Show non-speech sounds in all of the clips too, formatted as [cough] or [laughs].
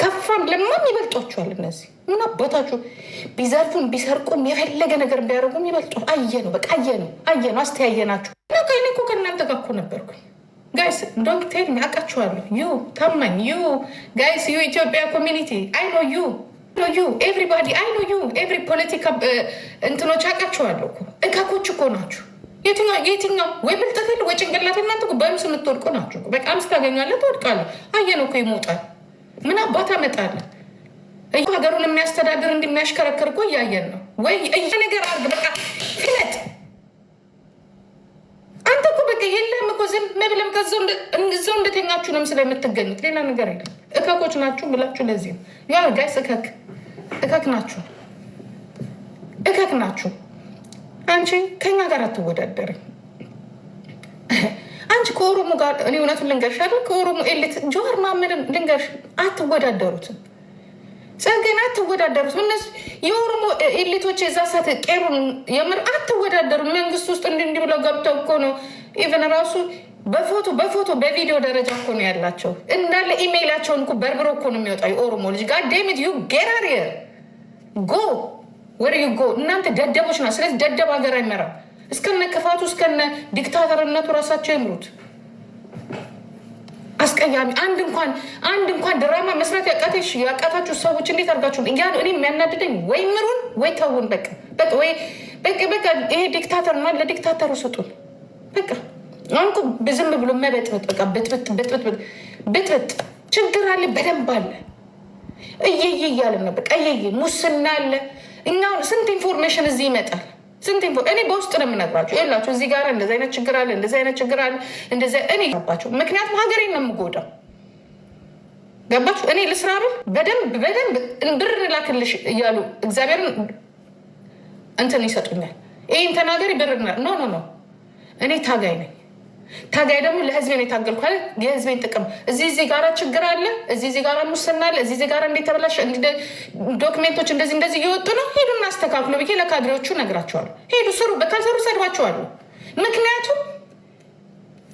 ከፋም ለማም ይበልጧቸዋል። እነዚህ ምን አባታችሁ ቢዘርፉም ቢሰርቁም የፈለገ ነገር ቢያደርጉም ይበልጡ። አየ ነው በቃ አየ ነው አየ ነው አስተያየ እና እኔ እኮ ከእናንተ ጋር እኮ ነበርኩኝ ጋይስ ዶንት አውቃችኋለሁ። ዩ ታማኝ ዩ ጋይስ ዩ ኢትዮጵያ ኮሚኒቲ አይ ኖ ዩ ዩ ኤቭሪባዲ አይ ኖ ዩ ኤቭሪ ፖለቲካ እንትኖች አውቃችኋለሁ። እካኮች እኮ ናችሁ። የትኛው ወይ ብልጠት የለ ወይ ጭንቅላት እናንተ በምስ የምትወድቁ ናችሁ። በቃ ምስ ታገኛለህ ትወድቃለህ። ነው እኮ ይሞጣል ምን አባት አመጣለ? ሀገሩን የሚያስተዳድር እንደሚያሽከረክር እኮ እያየን ነው። ወይ እየ ነገር አርግ በቃ ፍለጥ። አንተ እኮ በቃ የለም እኮ ዝም ብለም እዛው እንደተኛችሁ ነው የምትገኙት ሌላ ነገር የለም። እከኮች ናችሁ ብላችሁ ለዚህ ነው ያ ጋይስ፣ እከክ እከክ ናችሁ፣ እከክ ናችሁ። አንቺ ከኛ ጋር አትወዳደርም። አንቺ ከኦሮሞ ጋር እኔ እውነቱን ልንገርሻለሁ፣ ከኦሮሞ ኤሊት ጆዋር መሐመድን ልንገርሽ፣ አትወዳደሩትም። ጸገን አትወዳደሩትም። እነሱ የኦሮሞ ኤሊቶች የዛ ሰዓት ቄሩን የምር አትወዳደሩ። መንግስት ውስጥ እንዲህ ብለው ገብተው እኮ ነው ኢቨን ራሱ በፎቶ በፎቶ በቪዲዮ ደረጃ እኮ ነው ያላቸው። እንዳለ ኢሜይላቸውን እኮ በርብሮ እኮ ነው የሚወጣው የኦሮሞ ልጅ ጋር ዴሚት ዩ ጌራሪየር ጎ ወር ዩ ጎ። እናንተ ደደቦች ና። ስለዚህ ደደብ ሀገር አይመራም። እስከነ ክፋቱ እስከነ ዲክታተርነቱ ራሳቸው ይምሩት። አስቀያሚ አንድ እንኳን አንድ እንኳን ድራማ መስራት ያቃተሽ ያቃታችሁ ሰዎች እንዴት አድርጋችሁ እያ እኔ የሚያናድደኝ ወይ ምሩን ወይ ተውን። በቃ በቃ ወይ በቃ በቃ ይሄ ዲክታተር ማ ለዲክታተሩ ስጡን። በቃ አንኩ እኮ ዝም ብሎ መበጥበጥ በቃ ብጥብጥ ብጥብጥ ብጥብጥ ችግር አለ፣ በደንብ አለ። እየየ እያለ ነው በቃ እየየ ሙስና አለ። እኛ ስንት ኢንፎርሜሽን እዚህ ይመጣል ስንት እኔ በውስጥ ነው የምነግራቸው የላቸው እዚህ ጋር እንደዚህ አይነት ችግር አለ፣ እንደዚህ አይነት ችግር አለ፣ እንደዚህ እኔ ገባቸው። ምክንያቱም ሀገሬን ነው የምጎዳው። ገባችሁ? እኔ ልስራ ብል በደንብ በደንብ ብር ላክልሽ እያሉ እግዚአብሔርን እንትን ይሰጡኛል። ይህን ተናገሪ ብር ኖ ኖ ኖ እኔ ታጋይ ነኝ። ታዲያ ደግሞ ለህዝቤን የታገልኩ ያለ የህዝቤን ጥቅም እዚህ እዚህ ጋራ ችግር አለ፣ እዚህ እዚህ ጋራ ሙስና አለ፣ እዚህ እዚህ ጋራ እንዴት ተበላሽ፣ ዶክሜንቶች እንደዚህ እንደዚህ እየወጡ ነው፣ ሄዱ እናስተካክሉ ብዬ ለካድሬዎቹ ነግራቸዋሉ። ሄዱ ስሩ፣ በታሰሩ ሰድባቸዋሉ። ምክንያቱም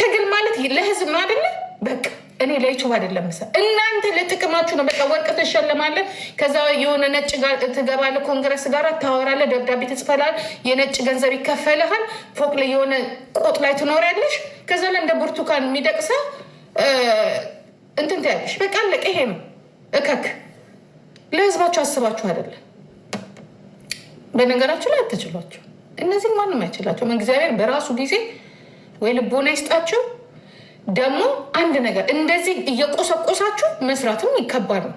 ትግል ማለት ለህዝብ ነው አደለ? በቃ እኔ ለዩቱብ አደለም ምሳ እናንተ ለጥቅማችሁ ነው። በቃ ወርቅ ትሸለማለህ፣ ከዛ የሆነ ነጭ ትገባለ፣ ኮንግረስ ጋር ታወራለ፣ ደብዳቤ ትጽፈላል፣ የነጭ ገንዘብ ይከፈልሃል፣ ፎቅ ላይ የሆነ ቆጥ ላይ ትኖሪያለሽ። ከዛ ላይ እንደ ብርቱካን የሚደቅሰ እንትን ትያለሽ። በቃ አለቀ። ይሄ ነው እከክ። ለህዝባቸው አስባችሁ አይደለም። በነገራችሁ ላይ አትችሏቸው። እነዚህን ማንም አይችላቸውም። እግዚአብሔር በራሱ ጊዜ ወይ ልቦና ይስጣችሁ። ደግሞ አንድ ነገር እንደዚህ እየቆሰቆሳችሁ መስራትም ይከባድ ነው።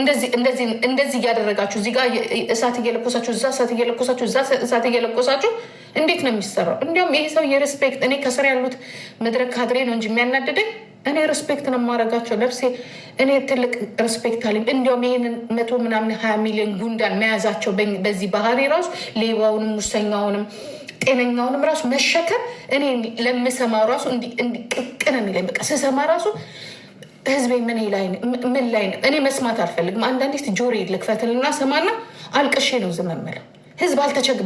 እንደዚህ እያደረጋችሁ እዚህ ጋ እሳት እየለኮሳችሁ እዛ እሳት እየለኮሳችሁ እዛ እሳት እየለኮሳችሁ እንዴት ነው የሚሰራው? እንዲሁም ይሄ ሰው የሪስፔክት እኔ ከስር ያሉት መድረክ ካድሬ ነው እንጂ የሚያናደደኝ እኔ ሪስፔክት ነው የማደርጋቸው። ነፍሴ እኔ ትልቅ ሪስፔክት አለኝ። እንዲሁም ይህንን መቶ ምናምን ሀያ ሚሊዮን ጉንዳን መያዛቸው በዚህ ባህሪ ራሱ ሌባውንም ሙሰኛውንም ጤነኛውንም ራሱ መሸከም እኔ ለምሰማው ራሱ እንዲቅቅን የሚለኝ በቃ ስሰማ ራሱ ህዝቤ ምን ላይ ነው? እኔ መስማት አልፈልግም። አንዳንዴት ጆሮ ልክፈትልና ሰማና አልቅሼ ነው ዝመመለ ህዝብ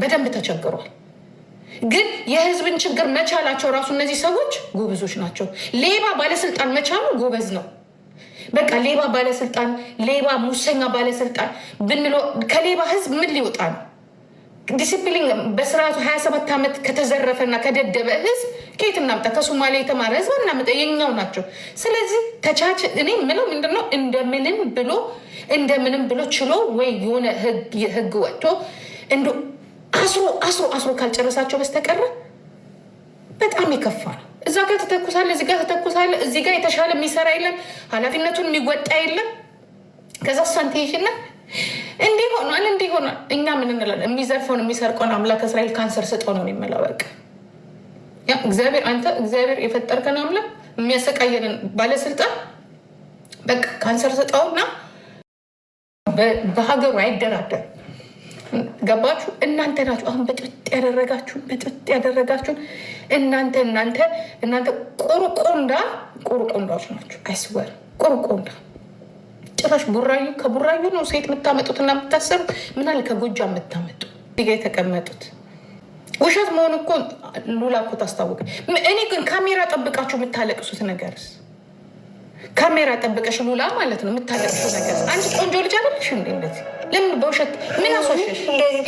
በደንብ ተቸግሯል። ግን የህዝብን ችግር መቻላቸው ራሱ እነዚህ ሰዎች ጎበዞች ናቸው። ሌባ ባለስልጣን መቻሉ ጎበዝ ነው። በቃ ሌባ ባለስልጣን፣ ሌባ ሙሰኛ ባለስልጣን ብንለው ከሌባ ህዝብ ምን ሊወጣ ነው? ዲስፕሊን በስርዓቱ ሀያ ሰባት ዓመት ከተዘረፈና ከደደበ ህዝብ ከየት እናምጣ? ከሶማሊያ የተማረ ህዝብ እናምጣ? የኛው ናቸው። ስለዚህ ተቻች እኔ ምለው ምንድነው እንደምንም ብሎ እንደምንም ብሎ ችሎ ወይ የሆነ ህግ ወጥቶ እንዶ አስሮ አስሮ አስሮ ካልጨረሳቸው በስተቀረ በጣም የከፋ ነው። እዛ ጋር ተተኩሳለ፣ እዚ ጋር ተተኩሳለ፣ እዚ ጋር የተሻለ የሚሰራ የለም፣ ኃላፊነቱን የሚወጣ የለም። ከዛ ሳንቴሽና እንዲህ ሆኗል፣ እንዲህ ሆኗል። እኛ ምን እንላለን? የሚዘርፈውን የሚሰርቀውን አምላክ እስራኤል ካንሰር ስጠው ነው የምለው። በቃ እግዚአብሔር አንተ እግዚአብሔር የፈጠርከን አምላክ የሚያሰቃየንን ባለስልጣን በቃ ካንሰር ስጠውና በሀገሩ አይደራደር። ገባችሁ? እናንተ ናችሁ አሁን በጥጥ ያደረጋችሁ በጥጥ ያደረጋችሁን እናንተ እናንተ እናንተ ቁርቁንዳ ቁርቁንዳዎች ናችሁ። አይስወር ቁርቁንዳ ጭራሽ ቡራዩ ከቡራዩ ነው ሴት የምታመጡት እና የምታሰሩት ምናል ከጎጃ የምታመጡ ጋ የተቀመጡት ውሸት መሆን እኮ ሉላ እኮ ታስታውቅ። እኔ ግን ካሜራ ጠብቃችሁ የምታለቅሱት ነገርስ ካሜራ ጠብቀሽ ሉላ ማለት ነው የምታለቅሱት ነገር። አንቺ ቆንጆ ልጅ አይደለሽ እንዴ? እንደዚህ ለምን በውሸት ምን አስወሸሽ?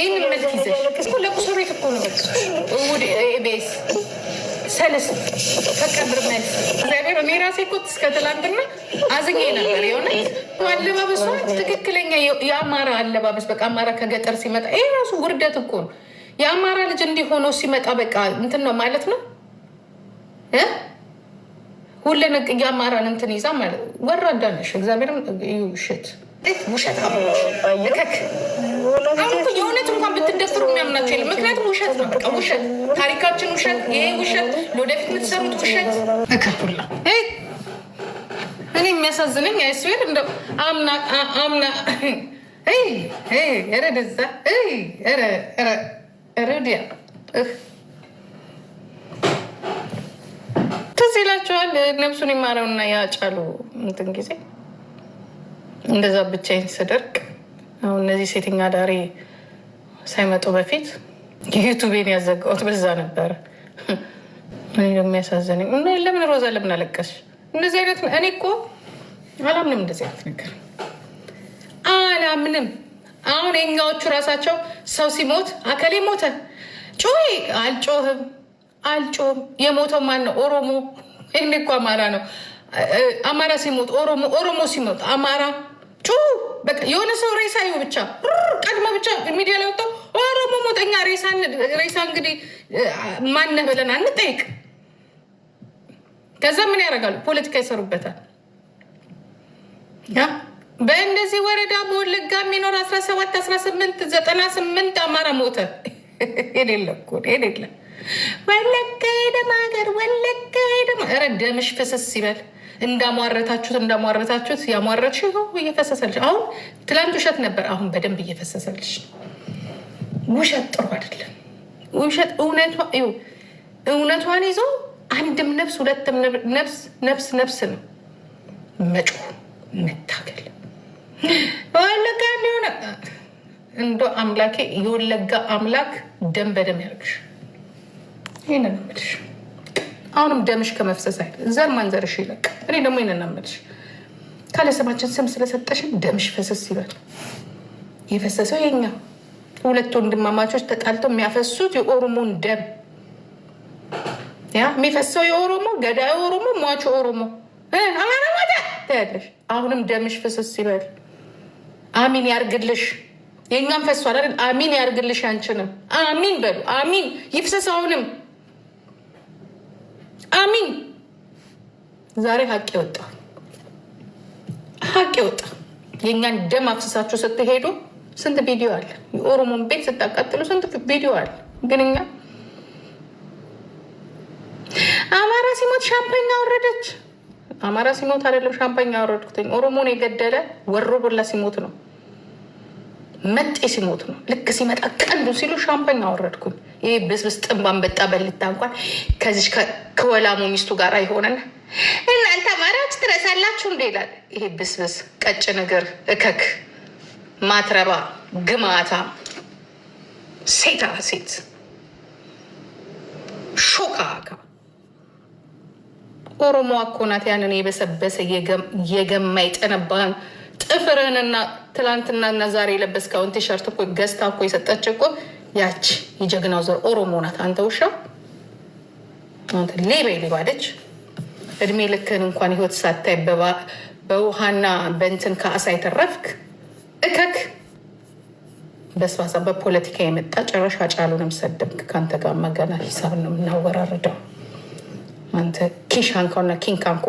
ይህን መልክ ይዘሽ ለቁሶ ቤት እኮ ነው ቤስ ሰለስ ከቀብር መልስ እግዚአብሔር እኔ ራሴ እኮ እስከ ትላንትና አዝኜ ነበር። የሆነ አለባበሷ ትክክለኛ የአማራ አለባበስ በቃ አማራ ከገጠር ሲመጣ ይሄ ራሱ ውርደት እኮ ነው። የአማራ ልጅ እንዲሆኖ ሲመጣ በቃ እንትን ነው ማለት ነው። ሁለ የአማራን እንትን ይዛ ማለት ወራዳ ነሽ። እግዚአብሔር ውሸት የእውነት እንኳን ብትደፍሩ የሚያምናቸው የለም። ምክንያቱም ውሸት ነው። ውሸት፣ ታሪካችን ውሸት፣ ይሄ ውሸት፣ ለወደፊት የምትሰሩት ውሸት። እኔ የሚያሳዝነኝ አይስዌር እንደ አምና አምና ትዝ ይላቸዋል ነብሱን የማረውና ያጫሉ እንትን ጊዜ እንደዛ ብቻዬን ስደርቅ አሁን እነዚህ ሴተኛ አዳሪ ሳይመጡ በፊት ዩቱቤን ያዘጋሁት በዛ ነበረ። እኔ የሚያሳዝነኝ ለምን ሮዛ ለምን አለቀሽ? እንደዚህ አይነት እኔ እኮ አላምንም፣ እንደዚህ አይነት ነገር አላምንም። አሁን የኛዎቹ ራሳቸው ሰው ሲሞት አከሌ ሞተ ጮይ አልጮህም፣ አልጮም የሞተው ማን ነው? ኦሮሞ። እኔ እኮ አማራ ነው። አማራ ሲሞት ኦሮሞ፣ ኦሮሞ ሲሞት አማራ ጩ የሆነ ሰው ሬሳ ይሁ ብቻ ቀድመ ብቻ ሚዲያ ላይ ወጣ ኦሮሞ ሞጠኛ ሬሳ እንግዲህ ማነህ ብለን አንጠይቅ። ከዛ ምን ያደርጋሉ? ፖለቲካ ይሰሩበታል። በእንደዚህ ወረዳ በወለጋ የሚኖር 17 18 98 አማራ ሞተ። ሄደለም [laughs] ወለጋ ሄደማ ሀገር ወለጋ ደምሽ ፈሰስ ይበል። እንዳሟረታችሁት እንዳሟረታችሁት ያሟረች እየፈሰሰልሽ አሁን ትላንት ውሸት ነበር፣ አሁን በደንብ እየፈሰሰልሽ ውሸት ጥሩ አይደለም። ውሸት እውነቷን ይዞ አንድም ነፍስ ሁለትም ነፍስ ነፍስ ነፍስ ነው መጮ መታገል ወለጋ እንደሆነ እንዶ አምላኬ የወለጋ አምላክ ደም በደም ያርግሽ። ይህንን ምልሽ አሁንም ደምሽ ከመፍሰስ አይደል ዘር ማንዘርሽ ይለቅ። እኔ ደግሞ ይነናመልሽ ካለ ስማችን ስም ስለሰጠሽን ደምሽ ፈሰስ ይበል። የፈሰሰው የኛ ሁለት ወንድማማቾች ተጣልተው የሚያፈሱት የኦሮሞን ደም ያ የሚፈሰው የኦሮሞ ገዳይ ኦሮሞ ሟቹ ኦሮሞ አማራ ሞተ ትያለሽ። አሁንም ደምሽ ፈሰስ ይበል። አሚን ያርግልሽ። የእኛም ፈሷል አይደል? አሚን ያርግልሽ። አንችንም አሚን በሉ። አሚን ይፍሰስ አሁንም አሚን። ዛሬ ሀቅ የወጣ ሀቅ የወጣ የእኛን ደም አፍስሳችሁ ስትሄዱ ስንት ቪዲዮ አለ። የኦሮሞን ቤት ስታቃጥሉ ስንት ቪዲዮ አለ። ግን እኛ አማራ ሲሞት ሻምፓኝ አወረደች። አማራ ሲሞት አይደለም ሻምፓኝ አወረድኩትኝ። ኦሮሞን የገደለ ወሮ በላ ሲሞት ነው መጤ ሲሞት ነው። ልክ ሲመጣ ቀንዱ ሲሉ ሻምፓኝ አወረድኩኝ። ይህ ብስብስ ጥም አንበጣ በልታ እንኳን ከዚች ከወላሙ ሚስቱ ጋር አይሆነን እናንተ አማራዎች ትረሳላችሁ እንደ ይላል። ይሄ ብስብስ ቀጭ ነገር እከክ ማትረባ ግማታ ሴታ ሴት ሾካ ኦሮሞ አኮናት ያንን የበሰበሰ የገማ የጠነባህን ጥፍርህንና ትላንትናና ዛሬ የለበስከውን ቲሸርት እኮ ገዝታ እኮ የሰጠች እኮ ያቺ የጀግናው ዘር ኦሮሞ ናት። አንተ ውሻ ሌባ ሊባለች እድሜ ልክህን እንኳን ህይወት ሳታይ በውሃና በእንትን ከአሳ የተረፍክ እከክ በስባሳ በፖለቲካ የመጣ ጭራሽ አጫሉንም ሰደብክ። ከአንተ ጋር መገና ሂሳብ ነው የምናወራርደው። አንተ ኪሻንካውና ኪንካንኮ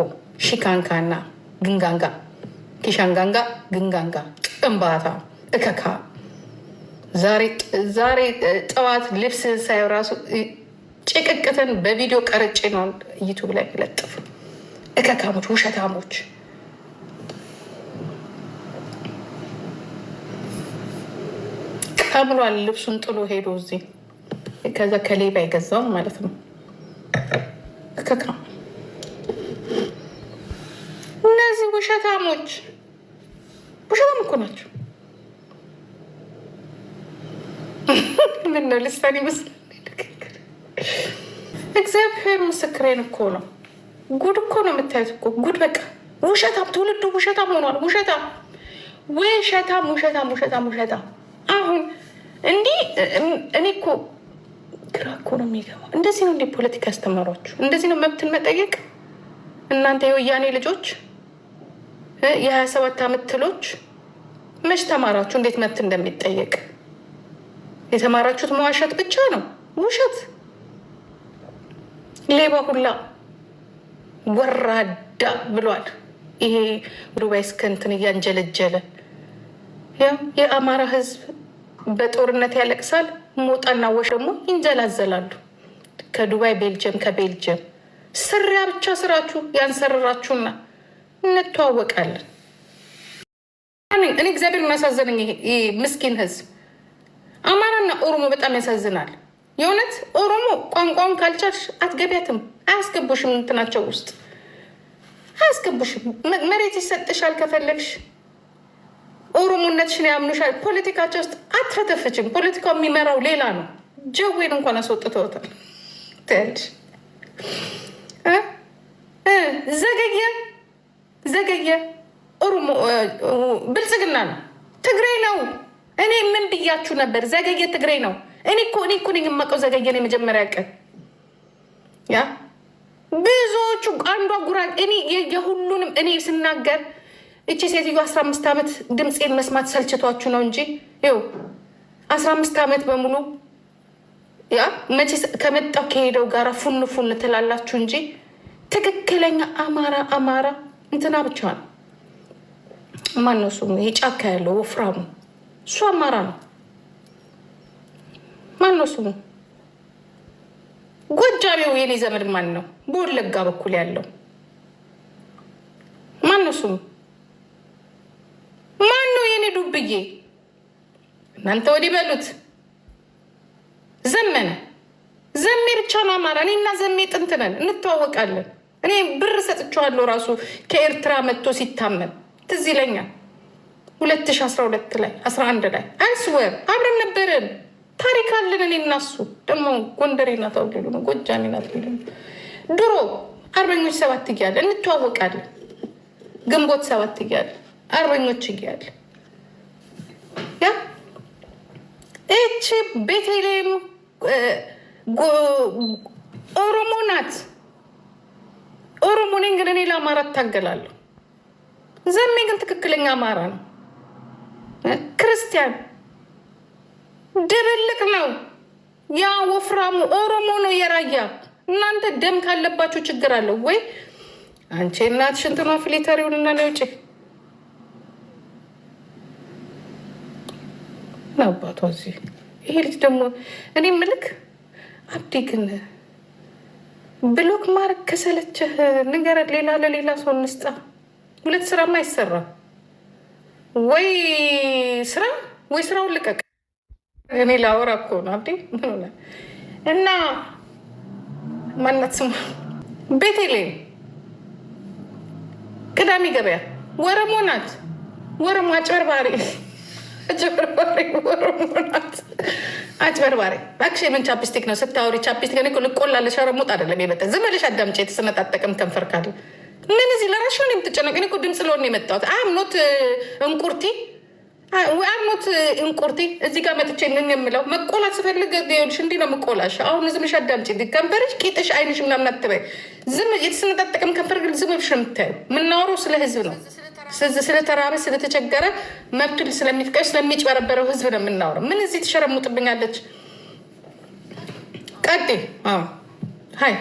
ሺካንካና ግንጋንጋ ኪሻንጋንጋ ግንጋንጋ ጥንባታ እከካ ዛሬ ጠዋት ልብስ ሳየው ራሱ ጭቅቅትን በቪዲዮ ቀርጬ ነው ዩቱብ ላይ የለጥፍ። እከካሞች፣ ውሸታሞች ከምሏል። ልብሱን ጥሎ ሄዶ እዚህ ከዛ ከሌባ የገዛው ማለት ነው። እከካ እነዚህ ውሸታሞች ውሸታም እኮ ናቸው። ምነው ልሳን ይመስላል። እግዚአብሔር ምስክሬን እኮ ነው። ጉድ እኮ ነው የምታዩት እኮ ጉድ። በቃ ውሸታም ትውልዱ ውሸታም ሆኗል። ውሸታም ውሸታም ውሸታም ውሸታም ውሸታም። አሁን እንዲህ እኔ እኮ ግራ እኮ ነው የሚገባ። እንደዚህ ነው እንደ ፖለቲካ ያስተማሯችሁ። እንደዚህ ነው መብትን መጠየቅ። እናንተ የወያኔ ልጆች የሀያ ሰባት ዓመት ትሎች መች ተማራችሁ እንዴት መብት እንደሚጠየቅ? የተማራችሁት መዋሸት ብቻ ነው። ውሸት፣ ሌባ ሁላ ወራዳ ብሏል። ይሄ ዱባይ እስከ እያንጀለጀለ ያው የአማራ ህዝብ በጦርነት ያለቅሳል። ሞጣና ወሽ ደግሞ ይንዘላዘላሉ። ከዱባይ ቤልጅየም፣ ከቤልጅየም ስሪያ ብቻ ስራችሁ ያንሰርራችሁና እንተዋወቃለን። እኔ እግዚአብሔር የሚያሳዘነኝ ምስኪን ህዝብ አማራና ኦሮሞ በጣም ያሳዝናል። የእውነት ኦሮሞ ቋንቋውን ካልቻልሽ አትገቢያትም፣ አያስገቡሽም፣ እንትናቸው ውስጥ አያስገቡሽም። መሬት ይሰጥሻል ከፈለግሽ ኦሮሞነትሽን ያምኑሻል። ፖለቲካቸው ውስጥ አትፈተፈችም። ፖለቲካው የሚመራው ሌላ ነው። ጀዌን እንኳን አስወጥተውታል። ትያለሽ ዘገየ ዘገየ ኦሮሞ ብልጽግና ነው ትግሬ ነው እኔ ምን ብያችሁ ነበር? ዘገየ ትግሬ ነው። እኔ እኮ እኔ እኮ ነኝ የማውቀው ዘገየን የመጀመሪያ ቀን ያ ብዙዎቹ አንዷ ጉራጌ እኔ የሁሉንም እኔ ስናገር እቺ ሴትዮ አስራ አምስት ዓመት ድምፄን መስማት ሰልችቷችሁ ነው እንጂ ይኸው አስራ አምስት ዓመት በሙሉ ያ መቼ ከመጣው ከሄደው ጋራ ፉን ፉን ትላላችሁ እንጂ ትክክለኛ አማራ አማራ እንትና ብቻዋል ማነሱ ማነው ያለው ወፍራሙ እሱ አማራ ነው። ማን ነው ስሙ? ጎጃሜው የኔ ዘመድ ማን ነው? በወለጋ በኩል ያለው ማን ነው ስሙ? ማን ነው የኔ ዱብዬ? እናንተ ወዲህ በሉት። ዘመነ ዘሜ ብቻ ነው አማራ። እኔ እና ዘሜ ጥንት ነን፣ እንተዋወቃለን። እኔ ብር ሰጥቼዋለሁ ራሱ ከኤርትራ መጥቶ ሲታመም ትዝ ይለኛል። 2012 ላይ 11 ላይ አንስወር አብረን ነበርን። ታሪክ አለን እኔ እና እሱ። ደግሞ ጎንደሬ ናት አትበሉ ነው ጎጃሜ ናት ድሮ አርበኞች ሰባት እያለ እንተዋወቃለን። ግንቦት ሰባት እያለ አርበኞች እያለ ያ ይቺ ቤተልሔም ኦሮሞ ናት። ኦሮሞ ነኝ ግን እኔ ለአማራ እታገላለሁ። ዘሜ ግን ትክክለኛ አማራ ነው። ክርስቲያን ድብልቅ ነው። ያ ወፍራሙ ኦሮሞ ነው የራያ። እናንተ ደም ካለባችሁ ችግር አለው ወይ? አንቺ እናት ሽንትኗ ፍሊተሪውን እና ነው ውጭ አባቷ እዚህ ይሄ ልጅ ደግሞ እኔ ምልክ አብዲ ግን ብሎክ ማድረግ ከሰለችህ ንገረን። ሌላ ለሌላ ሰው እንስጣ። ሁለት ስራማ አይሰራም። ወይ ስራ ወይ ስራውን ልቀቅ። እኔ ላወራ እኮ ነው እና ማናት ስሙ ቤቴሌም ቅዳሜ ገበያ ወረሞ ናት። ወረሞ አጭበርባሪ አጭበርባሪ ወረሞ ናት። አጭበርባሪ እባክሽ የምን ቻፕስቲክ ነው ስታወሪ? ቻፕስቲክ እኔ እኮ ልቆላለሽ። ረሞጥ አይደለም የመጣ ዝም ብለሽ አዳምጪ። የተሰነጣጠቅም ከንፈር ካለ ምን እዚህ ለራሽ ሆን የምትጨነቅ? እኔ እኮ ድምፅ ልሆን የመጣሁት አምኖት እንቁርቲ አምኖት እንቁርቲ እዚህ ጋር መጥቼ ምን የምለው መቆላት ስፈልግ ሆንሽ እንዲህ ነው የምቆላሽ። አሁን ዝምሽ አዳምጪ። ከንፈርሽ፣ ቂጥሽ፣ አይንሽ ምናምን አትበይ። ዝም የተሰነጣጠቀም ከንፈር ግን ዝም ብሽ የምታዩ የምናወራው ስለ ህዝብ ነው ስለተራበ ስለተቸገረ መብቱን ስለሚፈቀድ ስለሚጭበረበረው ህዝብ ነው የምናወራው። ምን እዚህ ትሸረሙጥብኛለች? ቀጤ ሀይ